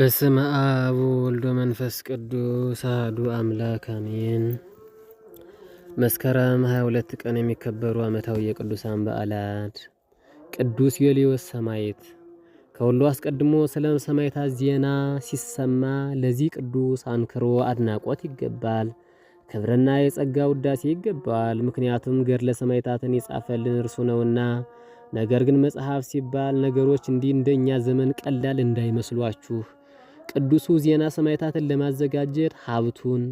በስመ አብ ወልዶ መንፈስ ቅዱስ አሐዱ አምላክ አሜን። መስከረም 22 ቀን የሚከበሩ ዓመታዊ የቅዱሳን በዓላት ቅዱስ ዮልዮስ ሰማዕት። ከሁሉ አስቀድሞ ስለ ሰማዕታት ዜና ሲሰማ ለዚህ ቅዱስ አንክሮ አድናቆት ይገባል። ክብርና የጸጋ ውዳሴ ይገባል። ምክንያቱም ገድለ ሰማዕታትን የጻፈልን እርሱ ነውና። ነገር ግን መጽሐፍ ሲባል ነገሮች እንዲህ እንደኛ ዘመን ቀላል እንዳይመስሏችሁ ቅዱሱ ዜና ሰማዕታትን ለማዘጋጀት ሀብቱን፣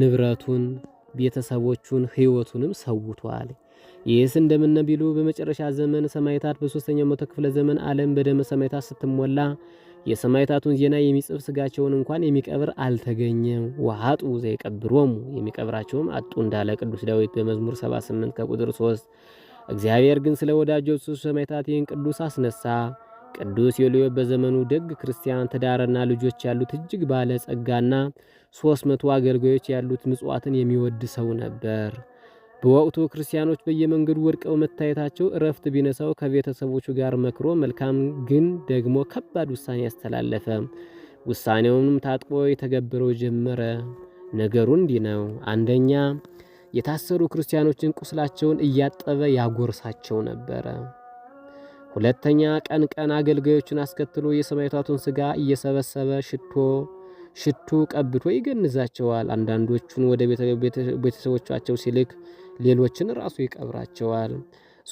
ንብረቱን፣ ቤተሰቦቹን፣ ህይወቱንም ሰውቷል። ይህስ እንደምነ ቢሉ በመጨረሻ ዘመን ሰማዕታት በሶስተኛው መቶ ክፍለ ዘመን ዓለም በደመ ሰማዕታት ስትሞላ የሰማዕታቱን ዜና የሚጽፍ ስጋቸውን እንኳን የሚቀብር አልተገኘም። ወሀጡ ዘይቀብሮሙ የሚቀብራቸውም አጡ እንዳለ ቅዱስ ዳዊት በመዝሙር 78 ከቁጥር 3። እግዚአብሔር ግን ስለ ወዳጆቹ ሰማዕታት ይህን ቅዱስ አስነሳ። ቅዱስ ዮልዮብ በዘመኑ ደግ ክርስቲያን ትዳርና ልጆች ያሉት እጅግ ባለ ጸጋና ሶስት መቶ አገልጋዮች ያሉት ምጽዋትን የሚወድ ሰው ነበር። በወቅቱ ክርስቲያኖች በየመንገዱ ወድቀው መታየታቸው እረፍት ቢነሳው ከቤተሰቦቹ ጋር መክሮ መልካም ግን ደግሞ ከባድ ውሳኔ ያስተላለፈ። ውሳኔውንም ታጥቆ የተገበረው ጀመረ። ነገሩ እንዲህ ነው። አንደኛ የታሰሩ ክርስቲያኖችን ቁስላቸውን እያጠበ ያጎርሳቸው ነበረ። ሁለተኛ ቀን ቀን አገልጋዮችን አስከትሎ የሰማዕታቱን ስጋ እየሰበሰበ ሽቶ ሽቱ ቀብቶ ይገንዛቸዋል። አንዳንዶቹን ወደ ቤተሰቦቻቸው ሲልክ፣ ሌሎችን ራሱ ይቀብራቸዋል።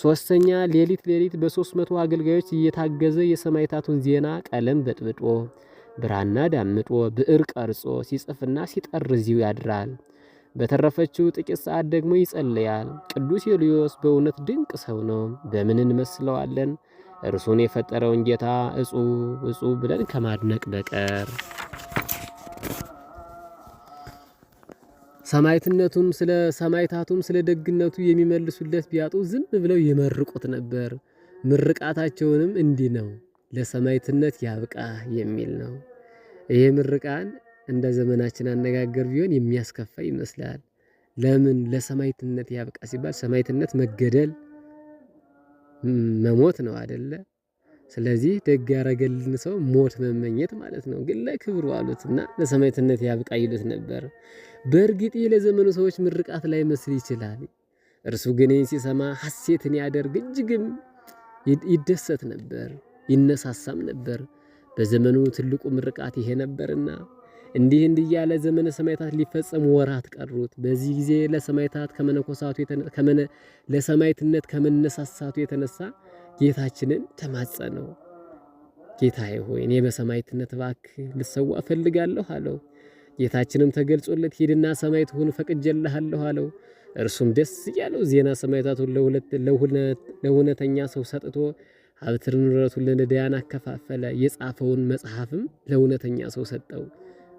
ሶስተኛ ሌሊት ሌሊት በሦስት መቶ አገልጋዮች እየታገዘ የሰማዕታቱን ዜና ቀለም በጥብጦ ብራና ዳምጦ ብዕር ቀርጾ ሲጽፍና ሲጠርዝ ያድራል። በተረፈችው ጥቂት ሰዓት ደግሞ ይጸልያል። ቅዱስ ዮልዮስ በእውነት ድንቅ ሰው ነው። በምን እንመስለዋለን? እርሱን የፈጠረውን ጌታ እጹ እጹ ብለን ከማድነቅ በቀር። ሰማይትነቱም ስለ ሰማይታቱም ስለ ደግነቱ የሚመልሱለት ቢያጡ ዝም ብለው ይመርቁት ነበር። ምርቃታቸውንም እንዲህ ነው፣ ለሰማይትነት ያብቃ የሚል ነው። ይህ ምርቃን እንደ ዘመናችን አነጋገር ቢሆን የሚያስከፋ ይመስላል። ለምን ለሰማይትነት ያብቃ ሲባል ሰማይትነት መገደል መሞት ነው አይደለ? ስለዚህ ደግ ያረገልን ሰው ሞት መመኘት ማለት ነው። ግን ለክብሩ አሉትና ለሰማይትነት ያብቃ ይሉት ነበር። በእርግጥ ለዘመኑ ሰዎች ምርቃት ላይ መስል ይችላል። እርሱ ግን ሲሰማ ሐሴትን ያደርግ እጅግም ይደሰት ነበር፣ ይነሳሳም ነበር። በዘመኑ ትልቁ ምርቃት ይሄ ነበርና እንዲህ እንዲህ እያለ ዘመነ ሰማይታት ሊፈጸሙ ወራት ቀሩት። በዚህ ጊዜ ለሰማይታት ከመነኮሳቱ ከመነ ለሰማይትነት ከመነሳሳቱ የተነሳ ጌታችንን ተማጸነው። ጌታዬ ሆይ እኔ በሰማይትነት እባክህ ልሰዋ እፈልጋለሁ አለው። ጌታችንም ተገልጾለት ሂድና ሰማይት ሁን ፈቅጄልሃለሁ አለው። እርሱም ደስ እያለው ዜና ሰማዕታቱን ለእውነተኛ ሰው ሰጥቶ ሀብት ንብረቱን ለነዳያን አከፋፈለ። የጻፈውን መጽሐፍም ለእውነተኛ ሰው ሰጠው።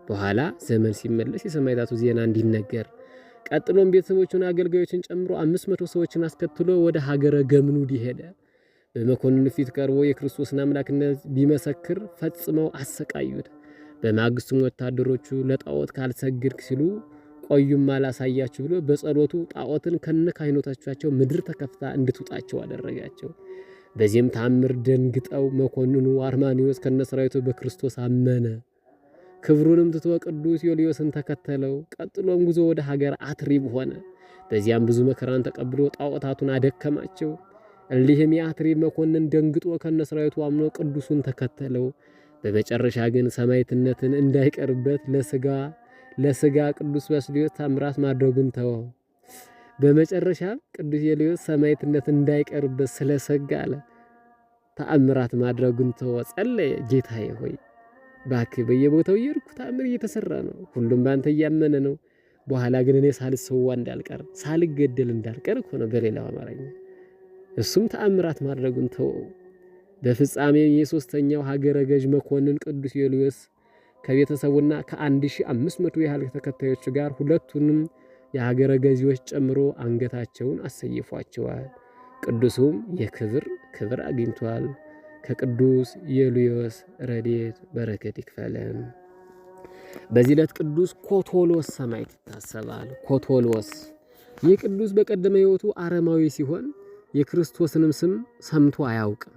በኋላ ዘመን ሲመለስ የሰማዕታቱ ዜና እንዲነገር ቀጥሎም ቤተሰቦቹን አገልጋዮችን ጨምሮ አምስት መቶ ሰዎችን አስከትሎ ወደ ሀገረ ገምኑድ ሄደ። በመኮንኑ ፊት ቀርቦ የክርስቶስን አምላክነት ቢመሰክር ፈጽመው አሰቃዩት። በማግስቱም ወታደሮቹ ለጣዖት ካልሰግድክ ሲሉ ቆዩም አላሳያችሁ ብሎ በጸሎቱ ጣዖትን ከነ ካህናቶቻቸው ምድር ተከፍታ እንድትውጣቸው አደረጋቸው። በዚህም ታምር ደንግጠው መኮንኑ አርማኒዎስ ከነ ሰራዊቱ በክርስቶስ አመነ። ክብሩንም ትቶ ቅዱስ ዮልዮስን ተከተለው። ቀጥሎም ጉዞ ወደ ሀገር አትሪብ ሆነ። በዚያም ብዙ መከራን ተቀብሎ ጣዖታቱን አደከማቸው። እሊህም የአትሪብ መኮንን ደንግጦ ከነሰራዊቱ አምኖ ቅዱሱን ተከተለው። በመጨረሻ ግን ሰማዕትነትን እንዳይቀርበት ለስጋ ለስጋ ቅዱስ ባስልዮስ ታምራት ማድረጉን ተወው። በመጨረሻ ቅዱስ ዮልዮስ ሰማዕትነት እንዳይቀርበት ስለሰጋ አለ ተአምራት ማድረጉን ተወ። ጸለየ፣ ጌታዬ ሆይ ባክ በየቦታው እየሄድኩ ታምር እየተሰራ ነው። ሁሉም በአንተ እያመነ ነው። በኋላ ግን እኔ ሳልሰዋ እንዳልቀር ሳልገደል እንዳልቀር እኮ ነው በሌላው አማርኛ። እሱም ተአምራት ማድረጉን ተወው። በፍጻሜ የሶስተኛው ሀገረ ገዥ መኮንን ቅዱስ ዮልዮስ ከቤተሰቡና ከ1500 ያህል ተከታዮቹ ጋር ሁለቱንም የሀገረ ገዢዎች ጨምሮ አንገታቸውን አሰይፏቸዋል። ቅዱሱም የክብር ክብር አግኝቷል። ከቅዱስ የሉዮስ ረድኤት በረከት ይክፈለን። በዚህ ዕለት ቅዱስ ኮቶሎስ ሰማዕት ይታሰባል። ኮቶሎስ ይህ ቅዱስ በቀደመ ሕይወቱ አረማዊ ሲሆን የክርስቶስንም ስም ሰምቶ አያውቅም።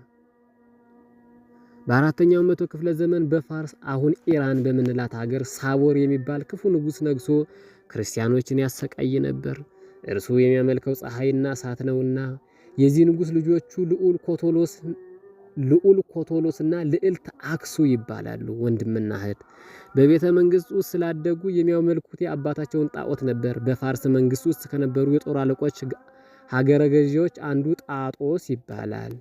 በአራተኛው መቶ ክፍለ ዘመን በፋርስ አሁን ኢራን በምንላት ሀገር ሳቦር የሚባል ክፉ ንጉሥ ነግሶ ክርስቲያኖችን ያሰቃይ ነበር። እርሱ የሚያመልከው ፀሐይና እሳት ነውና የዚህ ንጉሥ ልጆቹ ልዑል ኮቶሎስ ልዑል ኮቶሎስና ልዕልት አክሱ ይባላሉ። ወንድምና እህት በቤተ መንግስት ውስጥ ስላደጉ የሚያመልኩት የአባታቸውን ጣዖት ነበር። በፋርስ መንግስት ውስጥ ከነበሩ የጦር አለቆች ሀገረ ገዢዎች አንዱ ጣጦስ ይባላል።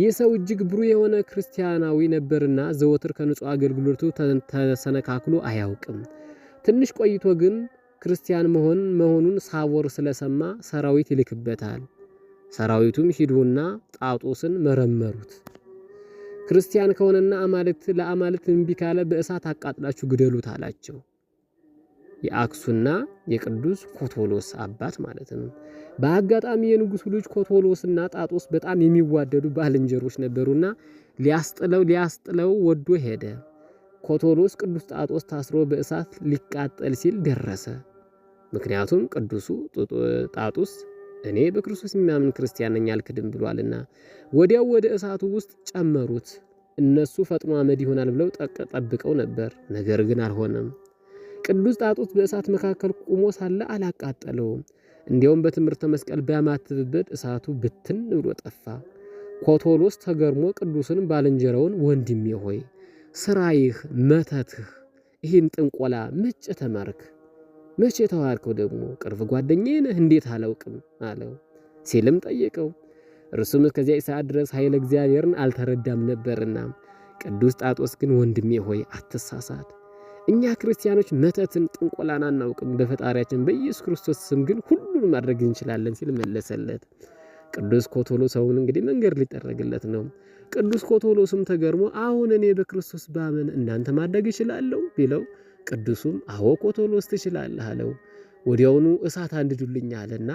ይህ ሰው እጅግ ብሩህ የሆነ ክርስቲያናዊ ነበርና ዘወትር ከንጹህ አገልግሎቱ ተሰነካክሎ አያውቅም። ትንሽ ቆይቶ ግን ክርስቲያን መሆን መሆኑን ሳቦር ስለሰማ ሰራዊት ይልክበታል። ሰራዊቱም ሂዱና ጣጦስን መረመሩት። ክርስቲያን ከሆነና አማልክት ለአማልክት እምቢ ካለ በእሳት አቃጥላችሁ ግደሉት አላቸው። የአክሱና የቅዱስ ኮቶሎስ አባት ማለት ነው። በአጋጣሚ የንጉሱ ልጅ ኮቶሎስና ጣጦስ በጣም የሚዋደዱ ባልንጀሮች ነበሩና ሊያስጥለው ሊያስጥለው ወዶ ሄደ። ኮቶሎስ ቅዱስ ጣጦስ ታስሮ በእሳት ሊቃጠል ሲል ደረሰ። ምክንያቱም ቅዱሱ ጣጡስ እኔ በክርስቶስ የሚያምን ክርስቲያን ነኝ አልክድም ብሏልና ወዲያው ወደ እሳቱ ውስጥ ጨመሩት። እነሱ ፈጥኖ አመድ ይሆናል ብለው ጠብቀው ነበር፣ ነገር ግን አልሆነም። ቅዱስ ጣጡት በእሳት መካከል ቆሞ ሳለ አላቃጠለውም። እንዲያውም በትምህርተ መስቀል ቢያማትብበት እሳቱ ብትን ብሎ ጠፋ። ኮቶሎስ ተገርሞ ቅዱስን ባልንጀራውን ወንድሜ ሆይ ስራይህ፣ መተትህ፣ ይህን ጥንቆላ ምጭ ተማርክ? መቼ ተዋልከው? ደግሞ ቅርብ ጓደኛዬ ነህ፣ እንዴት አላውቅም አለው ሲልም ጠየቀው። እርሱም እስከዚያ ሰዓት ድረስ ኃይለ እግዚአብሔርን አልተረዳም ነበርና፣ ቅዱስ ጣጦስ ግን ወንድሜ ሆይ አትሳሳት፣ እኛ ክርስቲያኖች መተትን፣ ጥንቆላን አናውቅም። በፈጣሪያችን በኢየሱስ ክርስቶስ ስም ግን ሁሉን ማድረግ እንችላለን ሲል መለሰለት። ቅዱስ ኮቶሎ ሰውን እንግዲህ መንገድ ሊጠረግለት ነው። ቅዱስ ኮቶሎስም ተገርሞ አሁን እኔ በክርስቶስ ባመን እናንተ ማድረግ እችላለሁ ቢለው ቅዱሱም አዎ ኮቶሎስ ትችላለህ አለው። ወዲያውኑ እሳት አንድዱልኝ አለና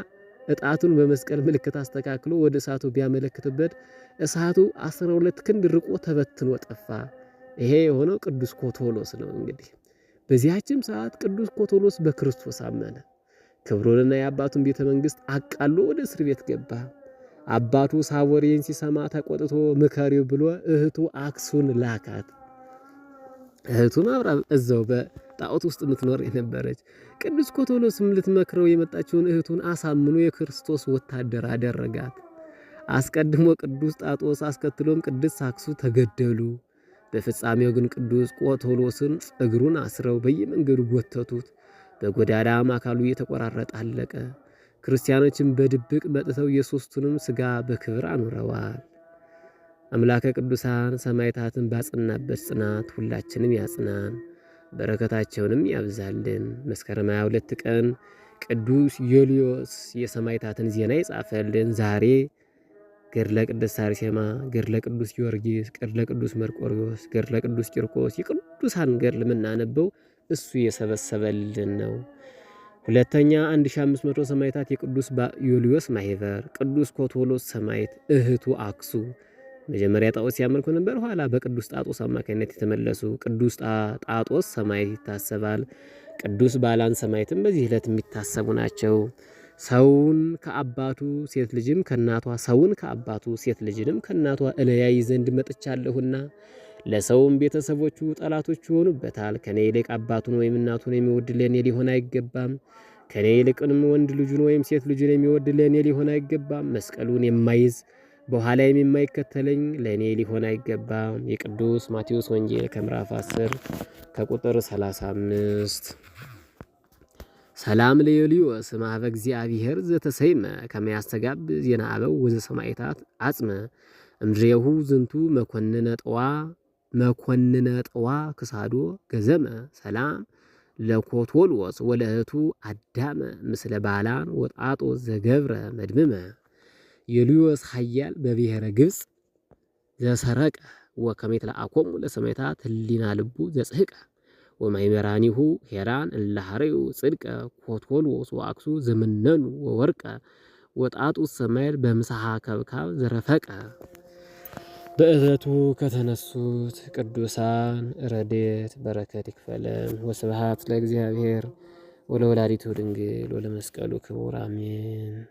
እጣቱን በመስቀል ምልክት አስተካክሎ ወደ እሳቱ ቢያመለክትበት እሳቱ 12 ክንድ ርቆ ተበትኖ ጠፋ። ይሄ የሆነው ቅዱስ ኮቶሎስ ነው። እንግዲህ በዚያችም ሰዓት ቅዱስ ኮቶሎስ በክርስቶስ አመነ። ክብሩንና የአባቱን ቤተ መንግሥት አቃሎ ወደ እስር ቤት ገባ። አባቱ ሳቦሬን ሲሰማ ተቆጥቶ ምከሪው ብሎ እህቱ አክሱን ላካት። እህቱን አብራ እዛው በጣዖት ውስጥ የምትኖር የነበረች ቅዱስ ኮቶሎስም ልትመክረው የመጣችውን እህቱን አሳምኖ የክርስቶስ ወታደር አደረጋት። አስቀድሞ ቅዱስ ጣጦስ አስከትሎም ቅዱስ ሳክሱ ተገደሉ። በፍጻሜው ግን ቅዱስ ቆቶሎስን እግሩን አስረው በየመንገዱ ጎተቱት። በጎዳዳም አካሉ እየተቆራረጠ አለቀ። ክርስቲያኖችም በድብቅ መጥተው የሦስቱንም ሥጋ በክብር አኑረዋል። አምላከ ቅዱሳን ሰማይታትን ባጽናበት ጽናት ሁላችንም ያጽናን፣ በረከታቸውንም ያብዛልን። መስከረም 22 ቀን ቅዱስ ዮልዮስ የሰማይታትን ዜና ይጻፈልን። ዛሬ ገድለ ቅድስት አርሴማ፣ ገድለ ቅዱስ ጊዮርጊስ፣ ገድለ ቅዱስ መርቆሪዎስ፣ ገድለ ቅዱስ ቂርቆስ የቅዱሳን ገድል የምናነበው እሱ የሰበሰበልን ነው። ሁለተኛ 1500 ሰማይታት የቅዱስ ዮልዮስ ማህበር፣ ቅዱስ ኮቶሎስ ሰማይት እህቱ አክሱ መጀመሪያ ጣዖት ሲያመልኩ ነበር። ኋላ በቅዱስ ጣጦስ አማካኝነት የተመለሱ ቅዱስ ጣጦስ ሰማዕት ይታሰባል። ቅዱስ ባላን ሰማዕትም በዚህ ዕለት የሚታሰቡ ናቸው። ሰውን ከአባቱ ሴት ልጅም ከእናቷ ሰውን ከአባቱ ሴት ልጅንም ከእናቷ እለያይ ዘንድ መጥቻለሁና ለሰውም ቤተሰቦቹ ጠላቶቹ ይሆኑበታል። ከኔ ይልቅ አባቱን ወይም እናቱን የሚወድ ለእኔ ሊሆን አይገባም። ከኔ ይልቅንም ወንድ ልጁን ወይም ሴት ልጁን የሚወድ ለእኔ ሊሆን አይገባም። መስቀሉን የማይዝ በኋላ የማይከተለኝ ለእኔ ሊሆን አይገባም። የቅዱስ ማቴዎስ ወንጌል ከምዕራፍ 10 ከቁጥር 35። ሰላም ለዮልዮስ ማህበ እግዚአብሔር ዘተሰይመ ከመያስተጋብ ዜና አበው ወዘ ሰማይታት አጽመ እምድሬሁ ዝንቱ መኮንነጠዋ መኮንነጠዋ ክሳዶ ገዘመ ሰላም ለኮቶሎስ ወለእህቱ አዳመ ምስለ ባላን ወጣጦ ዘገብረ መድምመ የሉዮስ ኃያል በብሔረ ግብፅ ዘሰረቀ ወከመ ይትለአኮሙ ለሰማዕታት ትሊና ልቡ ዘጽህቀ ወማይመራኒሁ ሄራን እለ ጽድቀ ኮቶሎስ ወአክሱ ዘምነኑ ወወርቀ ወጣጡ ሰማይል በምሳሐ ከብካብ ዘረፈቀ። በእዘቱ ከተነሱት ቅዱሳን ረዴት በረከት ይክፈለን። ወስብሐት ለእግዚአብሔር ወለወላዲቱ ድንግል ወለመስቀሉ ክቡር አሜን።